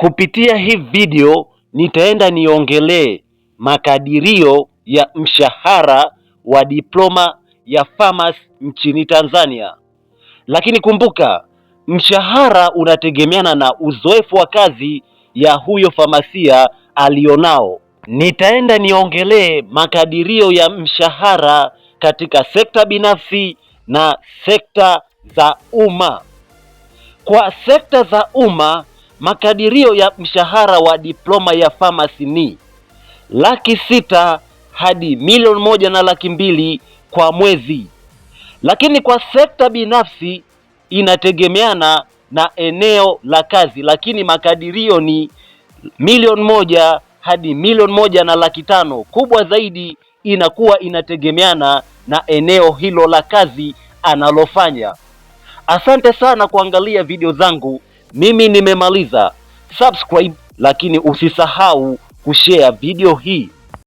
Kupitia hii video nitaenda niongelee makadirio ya mshahara wa diploma ya Farmers nchini Tanzania. Lakini kumbuka mshahara unategemeana na uzoefu wa kazi ya huyo famasia alionao. Nitaenda niongelee makadirio ya mshahara katika sekta binafsi na sekta za umma. Kwa sekta za umma Makadirio ya mshahara wa diploma ya famasi ni laki sita hadi milioni moja na laki mbili kwa mwezi, lakini kwa sekta binafsi inategemeana na eneo la kazi, lakini makadirio ni milioni moja hadi milioni moja na laki tano. Kubwa zaidi inakuwa inategemeana na eneo hilo la kazi analofanya. Asante sana kuangalia video zangu. Mimi nimemaliza. Subscribe, lakini usisahau kushare video hii.